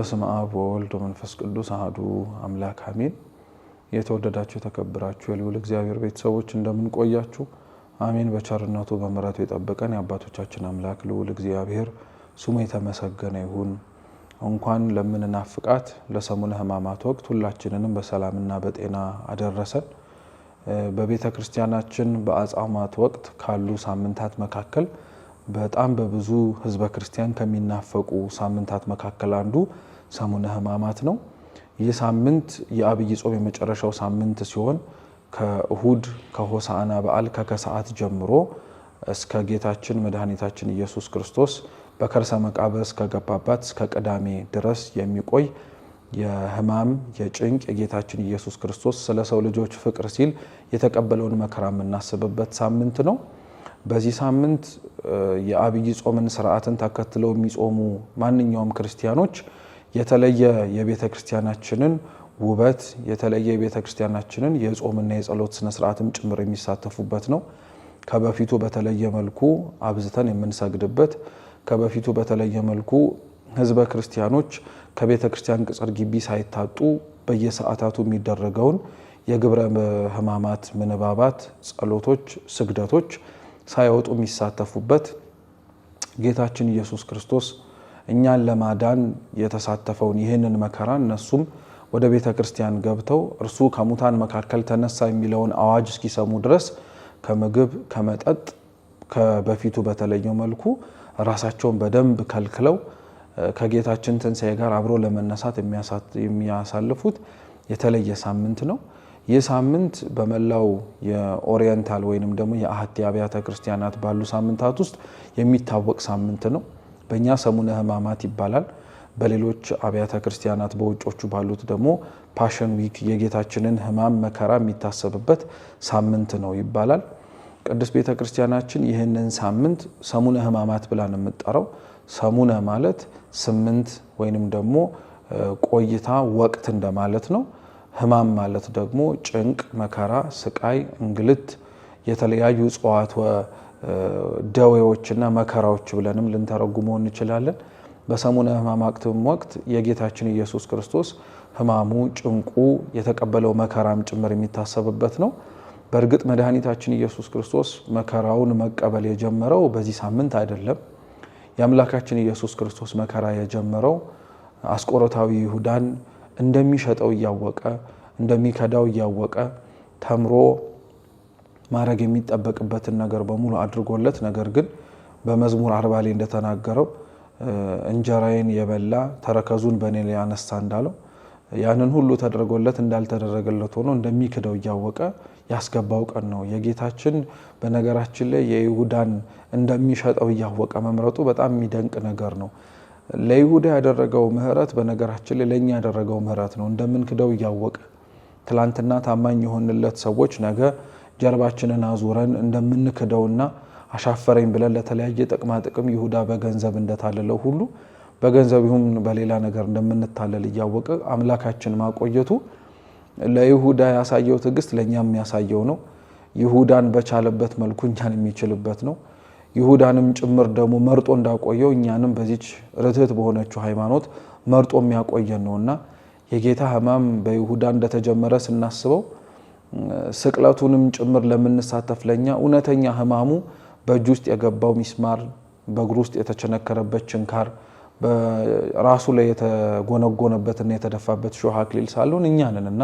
በስመ አብ ወወልድ ወመንፈስ ቅዱስ አህዱ አምላክ አሜን። የተወደዳችሁ የተከበራችሁ የልዑል እግዚአብሔር ቤተሰቦች እንደምንቆያችሁ አሜን። በቸርነቱ በምሕረቱ የጠበቀን የአባቶቻችን አምላክ ልዑል እግዚአብሔር ስሙ የተመሰገነ ይሁን። እንኳን ለምንናፍቃት ለሰሙነ ሕማማት ወቅት ሁላችንንም በሰላምና በጤና አደረሰን። በቤተ ክርስቲያናችን በአጽዋማት ወቅት ካሉ ሳምንታት መካከል በጣም በብዙ ህዝበ ክርስቲያን ከሚናፈቁ ሳምንታት መካከል አንዱ ሰሙነ ሕማማት ነው። ይህ ሳምንት የአብይ ጾም የመጨረሻው ሳምንት ሲሆን ከእሁድ ከሆሳዕና በዓል ከከሰዓት ጀምሮ እስከ ጌታችን መድኃኒታችን ኢየሱስ ክርስቶስ በከርሰ መቃብር እስከገባባት እስከ ቅዳሜ ድረስ የሚቆይ የሕማም የጭንቅ የጌታችን ኢየሱስ ክርስቶስ ስለ ሰው ልጆች ፍቅር ሲል የተቀበለውን መከራ የምናስብበት ሳምንት ነው። በዚህ ሳምንት የአብይ ጾምን ስርዓትን ተከትለው የሚጾሙ ማንኛውም ክርስቲያኖች የተለየ የቤተ ክርስቲያናችንን ውበት የተለየ የቤተ ክርስቲያናችንን የጾምና የጸሎት ስርዓትም ጭምር የሚሳተፉበት ነው። ከበፊቱ በተለየ መልኩ አብዝተን የምንሰግድበት ከበፊቱ በተለየ መልኩ ህዝበ ክርስቲያኖች ከቤተ ክርስቲያን ቅጽር ግቢ ሳይታጡ በየሰዓታቱ የሚደረገውን የግብረ ሕማማት ምንባባት፣ ጸሎቶች፣ ስግደቶች ሳይወጡ የሚሳተፉበት ጌታችን ኢየሱስ ክርስቶስ እኛን ለማዳን የተሳተፈውን ይህንን መከራ እነሱም ወደ ቤተ ክርስቲያን ገብተው እርሱ ከሙታን መካከል ተነሳ የሚለውን አዋጅ እስኪሰሙ ድረስ ከምግብ ከመጠጥ በፊቱ በተለየው መልኩ ራሳቸውን በደንብ ከልክለው ከጌታችን ትንሣኤ ጋር አብሮ ለመነሳት የሚያሳልፉት የተለየ ሳምንት ነው። ይህ ሳምንት በመላው የኦሪየንታል ወይንም ደግሞ የአህቴ አብያተ ክርስቲያናት ባሉ ሳምንታት ውስጥ የሚታወቅ ሳምንት ነው። በእኛ ሰሙነ ሕማማት ይባላል። በሌሎች አብያተ ክርስቲያናት በውጮቹ ባሉት ደግሞ ፓሽን ዊክ የጌታችንን ሕማም መከራ የሚታሰብበት ሳምንት ነው ይባላል። ቅድስት ቤተ ክርስቲያናችን ይህንን ሳምንት ሰሙነ ሕማማት ብላን የምጠራው። ሰሙነ ማለት ስምንት ወይንም ደግሞ ቆይታ ወቅት እንደማለት ነው። ሕማም ማለት ደግሞ ጭንቅ፣ መከራ፣ ስቃይ፣ እንግልት የተለያዩ እጽዋት ደዌዎችና መከራዎች ብለንም ልንተረጉመው እንችላለን። በሰሙነ ሕማማትም ወቅት የጌታችን ኢየሱስ ክርስቶስ ሕማሙ፣ ጭንቁ፣ የተቀበለው መከራም ጭምር የሚታሰብበት ነው። በእርግጥ መድኃኒታችን ኢየሱስ ክርስቶስ መከራውን መቀበል የጀመረው በዚህ ሳምንት አይደለም። የአምላካችን ኢየሱስ ክርስቶስ መከራ የጀመረው አስቆሮታዊ ይሁዳን እንደሚሸጠው እያወቀ እንደሚከዳው እያወቀ ተምሮ ማድረግ የሚጠበቅበትን ነገር በሙሉ አድርጎለት፣ ነገር ግን በመዝሙር አርባ ላይ እንደተናገረው እንጀራዬን የበላ ተረከዙን በእኔ ላይ ያነሳ እንዳለው ያንን ሁሉ ተደርጎለት እንዳልተደረገለት ሆኖ እንደሚክደው እያወቀ ያስገባው ቀን ነው። የጌታችን በነገራችን ላይ የይሁዳን እንደሚሸጠው እያወቀ መምረጡ በጣም የሚደንቅ ነገር ነው። ለይሁዳ ያደረገው ምሕረት በነገራችን ላይ ለእኛ ያደረገው ምሕረት ነው። እንደምንክደው እያወቀ ትላንትና ታማኝ የሆንለት ሰዎች ነገ ጀርባችንን አዙረን እንደምንክደውና አሻፈረኝ ብለን ለተለያየ ጥቅማ ጥቅም ይሁዳ በገንዘብ እንደታለለው ሁሉ በገንዘብ ይሁን በሌላ ነገር እንደምንታለል እያወቀ አምላካችን ማቆየቱ ለይሁዳ ያሳየው ትዕግስት ለእኛ የሚያሳየው ነው። ይሁዳን በቻለበት መልኩ እኛን የሚችልበት ነው። ይሁዳንም ጭምር ደግሞ መርጦ እንዳቆየው እኛንም በዚች ርትት በሆነችው ሃይማኖት መርጦ የሚያቆየን ነውና የጌታ ሕማም በይሁዳ እንደተጀመረ ስናስበው ስቅለቱንም ጭምር ለምንሳተፍ ለኛ እውነተኛ ህማሙ በእጅ ውስጥ የገባው ሚስማር፣ በእግር ውስጥ የተቸነከረበት ችንካር፣ በራሱ ላይ የተጎነጎነበትና የተደፋበት ሾህ አክሊል ሳልሆን እኛ ነን እና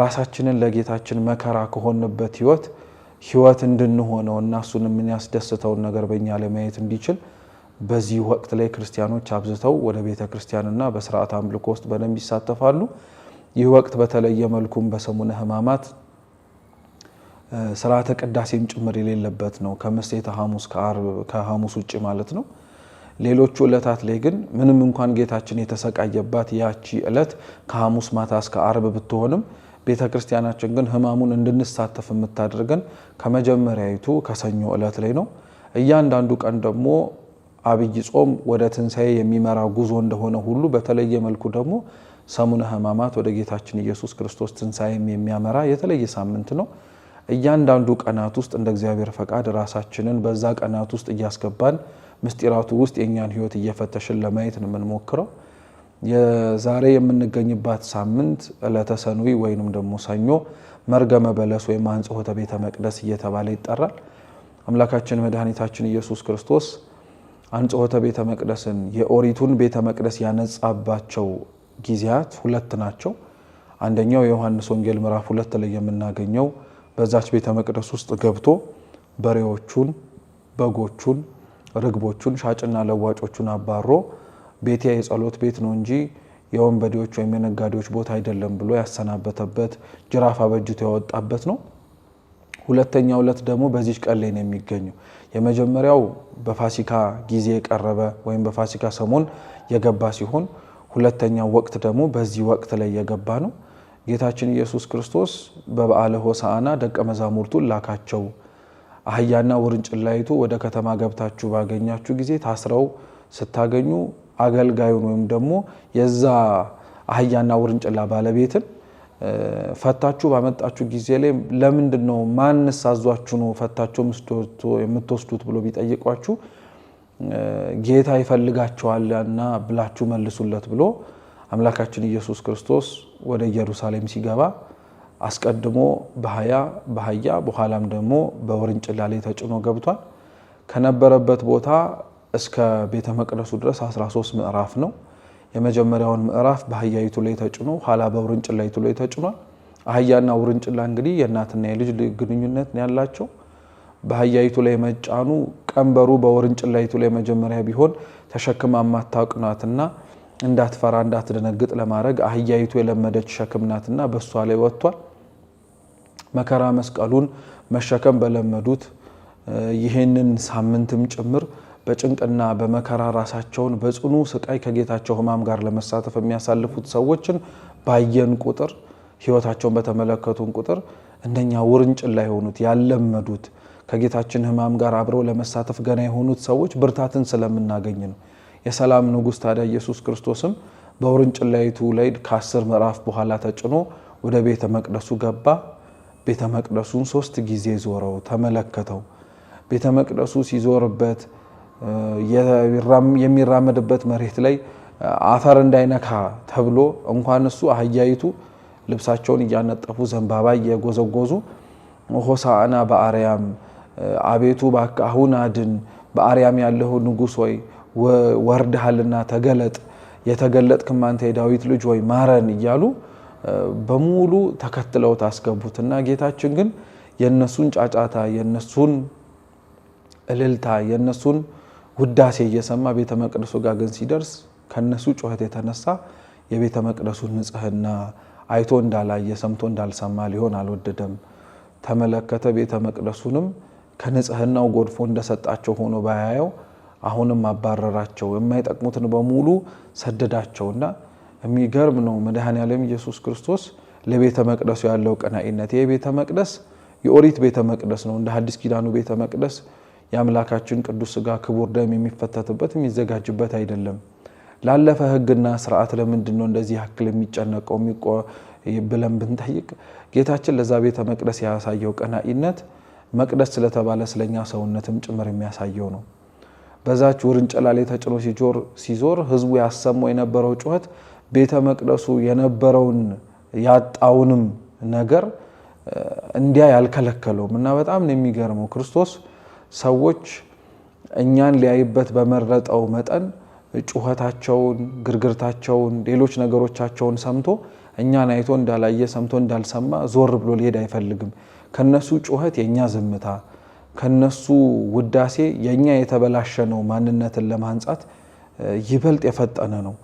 ራሳችንን ለጌታችን መከራ ከሆንበት ህይወት ህይወት እንድንሆነው እና እሱን የምንያስደስተውን ነገር በእኛ ላይ ማየት እንዲችል በዚህ ወቅት ላይ ክርስቲያኖች አብዝተው ወደ ቤተ ክርስቲያንና በስርዓት አምልኮ ውስጥ በደንብ ይሳተፋሉ። ይህ ወቅት በተለየ መልኩም በሰሙነ ሕማማት ስርዓተ ቅዳሴም ጭምር የሌለበት ነው፣ ከምሴተ ሐሙስ ከሐሙስ ውጭ ማለት ነው። ሌሎቹ ዕለታት ላይ ግን ምንም እንኳን ጌታችን የተሰቃየባት ያቺ ዕለት ከሐሙስ ማታ እስከ አርብ ብትሆንም ቤተ ክርስቲያናችን ግን ሕማሙን እንድንሳተፍ የምታደርገን ከመጀመሪያዊቱ ከሰኞ ዕለት ላይ ነው። እያንዳንዱ ቀን ደግሞ አብይ ጾም ወደ ትንሣኤ የሚመራ ጉዞ እንደሆነ ሁሉ በተለየ መልኩ ደግሞ ሰሙነ ሕማማት ወደ ጌታችን ኢየሱስ ክርስቶስ ትንሣኤም የሚያመራ የተለየ ሳምንት ነው። እያንዳንዱ ቀናት ውስጥ እንደ እግዚአብሔር ፈቃድ ራሳችንን በዛ ቀናት ውስጥ እያስገባን ምስጢራቱ ውስጥ የእኛን ሕይወት እየፈተሽን ለማየት ነው የምንሞክረው። የዛሬ የምንገኝባት ሳምንት ዕለተ ሰኑይ ወይንም ደግሞ ሰኞ መርገመ በለስ ወይም አንጽሖተ ቤተ መቅደስ እየተባለ ይጠራል። አምላካችን መድኃኒታችን ኢየሱስ ክርስቶስ አንጽሖተ ቤተ መቅደስን የኦሪቱን ቤተ መቅደስ ያነጻባቸው ጊዜያት ሁለት ናቸው። አንደኛው የዮሐንስ ወንጌል ምዕራፍ ሁለት ላይ የምናገኘው በዛች ቤተ መቅደስ ውስጥ ገብቶ በሬዎቹን፣ በጎቹን፣ ርግቦቹን ሻጭና ለዋጮቹን አባሮ ቤቴ የጸሎት ቤት ነው እንጂ የወንበዴዎች ወይም የነጋዴዎች ቦታ አይደለም ብሎ ያሰናበተበት ጅራፍ አበጅቶ ያወጣበት ነው። ሁለተኛው ዕለት ደግሞ በዚች ቀን ላይ ነው የሚገኘው። የመጀመሪያው በፋሲካ ጊዜ የቀረበ ወይም በፋሲካ ሰሞን የገባ ሲሆን ሁለተኛው ወቅት ደግሞ በዚህ ወቅት ላይ የገባ ነው። ጌታችን ኢየሱስ ክርስቶስ በበዓለ ሆሳዕና ደቀ መዛሙርቱን ላካቸው። አህያና ውርንጭላይቱ ወደ ከተማ ገብታችሁ ባገኛችሁ ጊዜ ታስረው ስታገኙ አገልጋዩን ወይም ደግሞ የዛ አህያና ውርንጭላ ባለቤትን ፈታችሁ ባመጣችሁ ጊዜ ላይ ለምንድን ነው ማንስ አዟችሁ ነው ፈታችሁ የምትወስዱት ብሎ ቢጠይቋችሁ ጌታ ይፈልጋቸዋልና ብላችሁ መልሱለት ብሎ አምላካችን ኢየሱስ ክርስቶስ ወደ ኢየሩሳሌም ሲገባ አስቀድሞ በሀያ በአህያ በኋላም ደግሞ በውርንጭላ ላይ ተጭኖ ገብቷል። ከነበረበት ቦታ እስከ ቤተ መቅደሱ ድረስ 13 ምዕራፍ ነው። የመጀመሪያውን ምዕራፍ በአህያይቱ ላይ ተጭኖ ኋላ በውርንጭላይቱ ላይ ተጭኗል። አህያና ውርንጭላ እንግዲህ የእናትና የልጅ ግንኙነት ያላቸው በአህያይቱ ላይ መጫኑ ቀንበሩ በውርንጭላይቱ ላይ መጀመሪያ ቢሆን ተሸክማ ማታውቅ ናትና እንዳትፈራ እንዳትደነግጥ ለማድረግ አህያይቱ የለመደች ሸክም ናትና በእሷ ላይ ወጥቷል። መከራ መስቀሉን መሸከም በለመዱት ይህንን ሳምንትም ጭምር በጭንቅና በመከራ ራሳቸውን በጽኑ ስቃይ ከጌታቸው ሕማም ጋር ለመሳተፍ የሚያሳልፉት ሰዎችን ባየን ቁጥር ሕይወታቸውን በተመለከቱን ቁጥር እንደኛ ውርንጭላ የሆኑት ያለመዱት ከጌታችን ሕማም ጋር አብረው ለመሳተፍ ገና የሆኑት ሰዎች ብርታትን ስለምናገኝ ነው። የሰላም ንጉሥ ታዲያ ኢየሱስ ክርስቶስም በውርንጭላይቱ ላይ ከአስር ምዕራፍ በኋላ ተጭኖ ወደ ቤተ መቅደሱ ገባ። ቤተ መቅደሱን ሶስት ጊዜ ዞረው ተመለከተው። ቤተ መቅደሱ ሲዞርበት የሚራመድበት መሬት ላይ አፈር እንዳይነካ ተብሎ እንኳን እሱ አህያይቱ ልብሳቸውን እያነጠፉ ዘንባባ እየጎዘጎዙ ሆሳዕና በአርያም አቤቱ እባክህ አሁን አድን፣ በአርያም ያለው ንጉሥ ሆይ ወርድሃልና ተገለጥ፣ የተገለጥክም አንተ የዳዊት ልጅ ሆይ ማረን እያሉ በሙሉ ተከትለው ታስገቡትና እና ጌታችን ግን የእነሱን ጫጫታ የእነሱን እልልታ የእነሱን ውዳሴ እየሰማ ቤተ መቅደሱ ጋር ግን ሲደርስ ከእነሱ ጩኸት የተነሳ የቤተ መቅደሱን ንጽህና አይቶ እንዳላየ ሰምቶ እንዳልሰማ ሊሆን አልወደደም። ተመለከተ ቤተ መቅደሱንም ከንጽህናው ጎድፎ እንደሰጣቸው ሆኖ ባያየው አሁንም አባረራቸው፣ የማይጠቅሙትን በሙሉ ሰደዳቸውና የሚገርም ነው። መድኃኔዓለም ኢየሱስ ክርስቶስ ለቤተ መቅደሱ ያለው ቀናኢነት ይህ ቤተ መቅደስ የኦሪት ቤተ መቅደስ ነው። እንደ ሐዲስ ኪዳኑ ቤተ መቅደስ የአምላካችን ቅዱስ ሥጋ ክቡር ደም የሚፈተትበት የሚዘጋጅበት አይደለም። ላለፈ ሕግና ስርዓት ለምንድን ነው እንደዚህ ያክል የሚጨነቀው ብለን ብንጠይቅ ጌታችን ለዛ ቤተ መቅደስ ያሳየው ቀናኢነት መቅደስ ስለተባለ ስለኛ ሰውነትም ጭምር የሚያሳየው ነው። በዛች ውርንጭላ ላይ ተጭኖ ሲጆር ሲዞር ህዝቡ ያሰማው የነበረው ጩኸት ቤተ መቅደሱ የነበረውን ያጣውንም ነገር እንዲያ ያልከለከለውም እና በጣም ነው የሚገርመው። ክርስቶስ ሰዎች እኛን ሊያይበት በመረጠው መጠን ጩኸታቸውን፣ ግርግርታቸውን፣ ሌሎች ነገሮቻቸውን ሰምቶ እኛን አይቶ እንዳላየ ሰምቶ እንዳልሰማ ዞር ብሎ ሊሄድ አይፈልግም። ከነሱ ጩኸት የእኛ ዝምታ፣ ከነሱ ውዳሴ የእኛ የተበላሸ ነው ማንነትን ለማንጻት ይበልጥ የፈጠነ ነው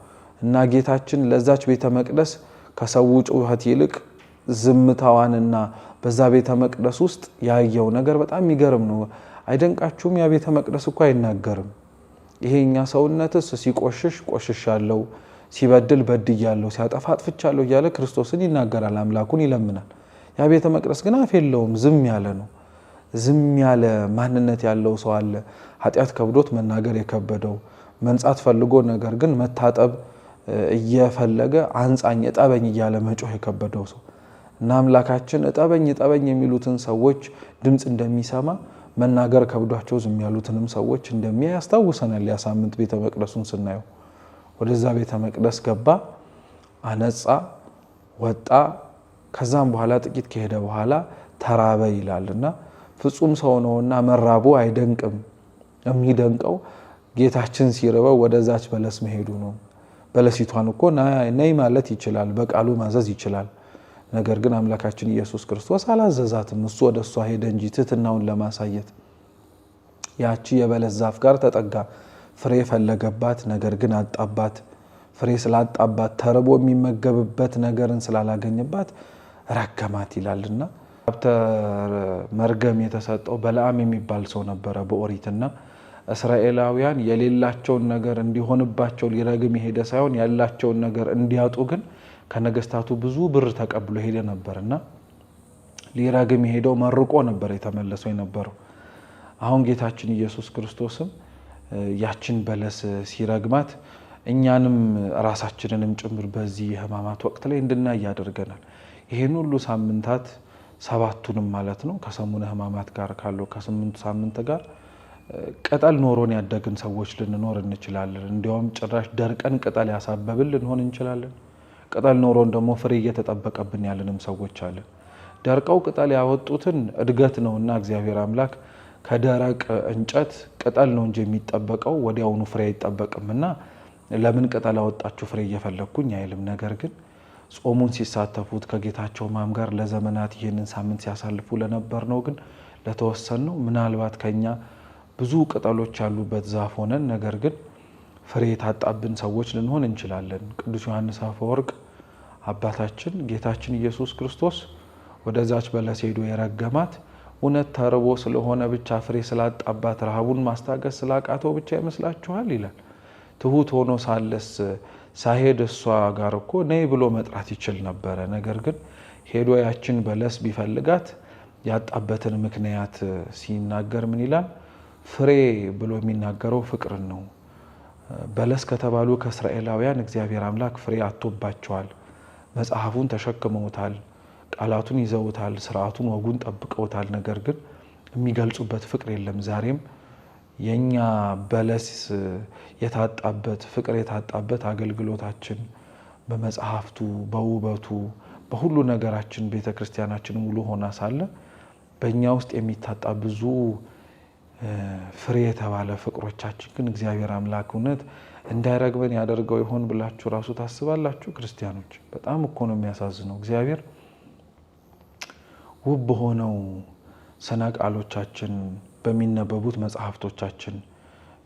እና ጌታችን ለዛች ቤተ መቅደስ ከሰው ጩኸት ይልቅ ዝምታዋንና በዛ ቤተ መቅደስ ውስጥ ያየው ነገር በጣም የሚገርም ነው። አይደንቃችሁም? ያ ቤተ መቅደስ እኮ አይናገርም። ይሄ እኛ ሰውነትስ ሲቆሽሽ ቆሽሻለሁ፣ ሲበድል በድያለሁ፣ ሲያጠፋ አጥፍቻለሁ እያለ ክርስቶስን ይናገራል፣ አምላኩን ይለምናል። ያ ቤተ መቅደስ ግን አፍ የለውም፣ ዝም ያለ ነው። ዝም ያለ ማንነት ያለው ሰው አለ። ኃጢአት ከብዶት መናገር የከበደው መንጻት ፈልጎ ነገር ግን መታጠብ እየፈለገ አንጻኝ እጠበኝ እያለ መጮህ የከበደው ሰው እና አምላካችን እጠበኝ እጠበኝ የሚሉትን ሰዎች ድምፅ እንደሚሰማ መናገር ከብዷቸው ዝም ያሉትንም ሰዎች እንደሚያ ያስታውሰናል። ያሳምንት ቤተ መቅደሱን ስናየው ወደዛ ቤተ መቅደስ ገባ፣ አነጻ፣ ወጣ ከዛም በኋላ ጥቂት ከሄደ በኋላ ተራበ ይላል ፍጹም ሰው ነውና መራቡ አይደንቅም። የሚደንቀው ጌታችን ሲርበው ወደዛች በለስ መሄዱ ነው። በለሲቷን እኮ ነይ ማለት ይችላል፣ በቃሉ ማዘዝ ይችላል። ነገር ግን አምላካችን ኢየሱስ ክርስቶስ አላዘዛትም። እሱ ወደ እሷ ሄደ እንጂ ትሕትናውን ለማሳየት ያቺ የበለስ ዛፍ ጋር ተጠጋ፣ ፍሬ ፈለገባት፣ ነገር ግን አጣባት። ፍሬ ስላጣባት ተርቦ የሚመገብበት ነገርን ስላላገኝባት። ረገማት ይላልና ሀብተ መርገም የተሰጠው በለዓም የሚባል ሰው ነበረ በኦሪትና እስራኤላውያን የሌላቸውን ነገር እንዲሆንባቸው ሊረግም የሄደ ሳይሆን ያላቸውን ነገር እንዲያጡ ግን ከነገስታቱ ብዙ ብር ተቀብሎ ሄደ ነበርና ሊረግም የሄደው መርቆ ነበር የተመለሰው የነበረው። አሁን ጌታችን ኢየሱስ ክርስቶስም ያችን በለስ ሲረግማት እኛንም ራሳችንንም ጭምር በዚህ የሕማማት ወቅት ላይ እንድናይ ያደርገናል። ይህን ሁሉ ሳምንታት ሰባቱንም ማለት ነው ከሰሙነ ሕማማት ጋር ካለው ከስምንቱ ሳምንት ጋር ቅጠል ኖሮን ያደግን ሰዎች ልንኖር እንችላለን። እንዲያውም ጭራሽ ደርቀን ቅጠል ያሳበብን ልንሆን እንችላለን። ቅጠል ኖሮን ደግሞ ፍሬ እየተጠበቀብን ያለንም ሰዎች አለን። ደርቀው ቅጠል ያወጡትን እድገት እና እግዚአብሔር አምላክ ከደረቅ እንጨት ቅጠል ነው እንጂ የሚጠበቀው ወዲያውኑ ፍሬ እና ለምን ቅጠል አወጣችሁ ፍሬ እየፈለግኩኝ አይልም። ነገር ግን ጾሙን ሲሳተፉት ከጌታቸው ማም ጋር ለዘመናት ይህንን ሳምንት ሲያሳልፉ ለነበር ነው። ግን ለተወሰን ነው ምናልባት ከኛ ብዙ ቅጠሎች ያሉበት ዛፍ ሆነን ነገር ግን ፍሬ የታጣብን ሰዎች ልንሆን እንችላለን። ቅዱስ ዮሐንስ አፈወርቅ አባታችን ጌታችን ኢየሱስ ክርስቶስ ወደዛች በለስ ሄዶ የረገማት እውነት ተርቦ ስለሆነ ብቻ ፍሬ ስላጣባት ረሃቡን ማስታገስ ስላቃተው ብቻ ይመስላችኋል? ይላል ትሁት ሆኖ ሳለስ ሳሄድ እሷ ጋር እኮ ነይ ብሎ መጥራት ይችል ነበረ። ነገር ግን ሄዶ ያችን በለስ ቢፈልጋት ያጣበትን ምክንያት ሲናገር ምን ይላል? ፍሬ ብሎ የሚናገረው ፍቅርን ነው። በለስ ከተባሉ ከእስራኤላውያን እግዚአብሔር አምላክ ፍሬ አቶባቸዋል። መጽሐፉን ተሸክመውታል፣ ቃላቱን ይዘውታል፣ ስርዓቱን፣ ወጉን ጠብቀውታል። ነገር ግን የሚገልጹበት ፍቅር የለም ዛሬም የእኛ በለስ የታጣበት ፍቅር የታጣበት አገልግሎታችን በመጽሐፍቱ በውበቱ በሁሉ ነገራችን ቤተ ክርስቲያናችን ሙሉ ሆና ሳለ በእኛ ውስጥ የሚታጣ ብዙ ፍሬ የተባለ ፍቅሮቻችን ግን እግዚአብሔር አምላክ እውነት እንዳይረግበን ያደርገው ይሆን ብላችሁ ራሱ ታስባላችሁ? ክርስቲያኖች በጣም እኮ ነው የሚያሳዝነው። እግዚአብሔር ውብ በሆነው ቃሎቻችን በሚነበቡት መጽሐፍቶቻችን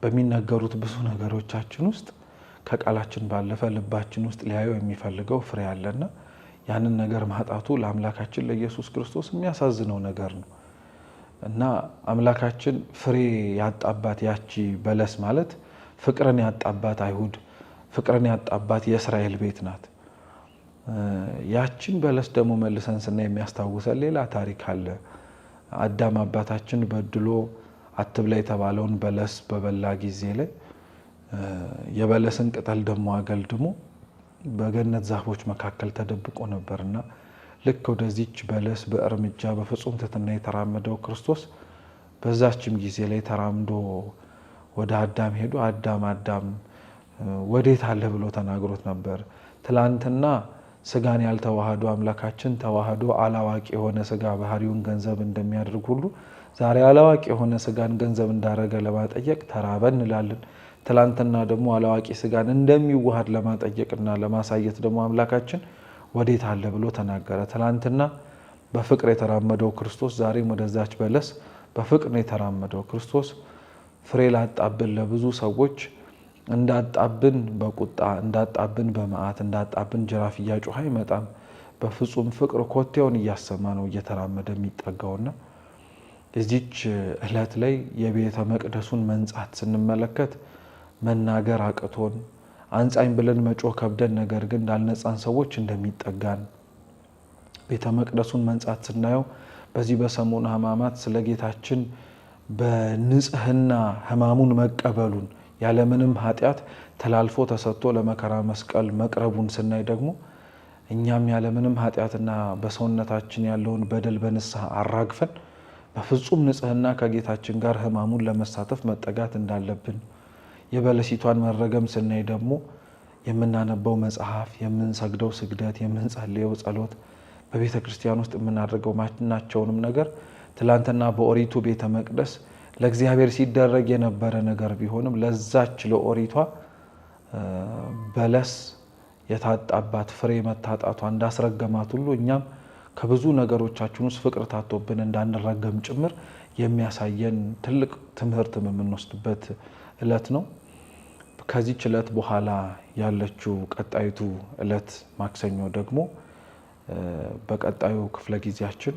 በሚነገሩት ብዙ ነገሮቻችን ውስጥ ከቃላችን ባለፈ ልባችን ውስጥ ሊያየው የሚፈልገው ፍሬ አለና ያንን ነገር ማጣቱ ለአምላካችን ለኢየሱስ ክርስቶስ የሚያሳዝነው ነገር ነው እና አምላካችን ፍሬ ያጣባት ያቺ በለስ ማለት ፍቅርን ያጣባት አይሁድ፣ ፍቅርን ያጣባት የእስራኤል ቤት ናት። ያችን በለስ ደግሞ መልሰን ስና የሚያስታውሰን ሌላ ታሪክ አለ። አዳም አባታችን በድሎ አትብላ የተባለውን በለስ በበላ ጊዜ ላይ የበለስን ቅጠል ደሞ አገልድሞ በገነት ዛፎች መካከል ተደብቆ ነበርና ልክ ወደዚች በለስ በእርምጃ በፍጹም ትሕትና የተራመደው ክርስቶስ በዛችም ጊዜ ላይ ተራምዶ ወደ አዳም ሄዶ አዳም አዳም ወዴት አለህ ብሎ ተናግሮት ነበር። ትላንትና ስጋን ያልተዋህዱ አምላካችን ተዋህዶ አላዋቂ የሆነ ስጋ ባህሪውን ገንዘብ እንደሚያደርግ ሁሉ ዛሬ አላዋቂ የሆነ ስጋን ገንዘብ እንዳደረገ ለማጠየቅ ተራበ እንላለን። ትላንትና ደግሞ አላዋቂ ስጋን እንደሚዋሃድ ለማጠየቅና ለማሳየት ደግሞ አምላካችን ወዴት አለ ብሎ ተናገረ። ትላንትና በፍቅር የተራመደው ክርስቶስ ዛሬም ወደዛች በለስ በፍቅር የተራመደው ክርስቶስ ፍሬ ላጣብን ለብዙ ሰዎች እንዳጣብን በቁጣ እንዳጣብን በመዓት እንዳጣብን ጅራፍ እያጮኸ አይመጣም። በፍጹም ፍቅር ኮቴውን እያሰማ ነው እየተራመደ የሚጠጋውና እዚች እለት ላይ የቤተ መቅደሱን መንጻት ስንመለከት መናገር አቅቶን አንጻኝ ብለን መጮህ ከብደን ነገር ግን ላልነጻን ሰዎች እንደሚጠጋን ቤተ መቅደሱን መንጻት ስናየው በዚህ በሰሙነ ሕማማት ስለ ጌታችን በንጽህና ሕማሙን መቀበሉን ያለምንም ኃጢአት ተላልፎ ተሰጥቶ ለመከራ መስቀል መቅረቡን ስናይ ደግሞ እኛም ያለምንም ኃጢአትና በሰውነታችን ያለውን በደል በንስሐ አራግፈን በፍጹም ንጽህና ከጌታችን ጋር ህማሙን ለመሳተፍ መጠጋት እንዳለብን የበለሲቷን መረገም ስናይ ደግሞ የምናነበው መጽሐፍ፣ የምንሰግደው ስግደት፣ የምንጸልየው ጸሎት፣ በቤተ ክርስቲያን ውስጥ የምናደርገው ማናቸውንም ነገር ትላንትና በኦሪቱ ቤተ መቅደስ ለእግዚአብሔር ሲደረግ የነበረ ነገር ቢሆንም ለዛች ለኦሪቷ በለስ የታጣባት ፍሬ መታጣቷ እንዳስረገማት ሁሉ እኛም ከብዙ ነገሮቻችን ውስጥ ፍቅር ታቶብን እንዳንረገም ጭምር የሚያሳየን ትልቅ ትምህርትም የምንወስድበት እለት ነው። ከዚች እለት በኋላ ያለችው ቀጣይቱ እለት ማክሰኞ ደግሞ በቀጣዩ ክፍለ ጊዜያችን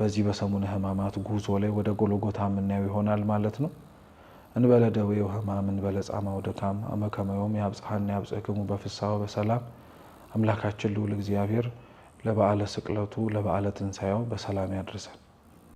በዚህ በሰሙነ ሕማማት ጉዞ ላይ ወደ ጎሎጎታ የምናየው ይሆናል ማለት ነው። እንበለ ደዌው ሕማም እንበለ ጻማው ድካም አመከመዮም የአብጽሐና የአብጽሕክሙ በሰላም አምላካችን ልዑል እግዚአብሔር ለበዓለ ስቅለቱ ለበዓለ ትንሣኤው በሰላም ያድርሰን።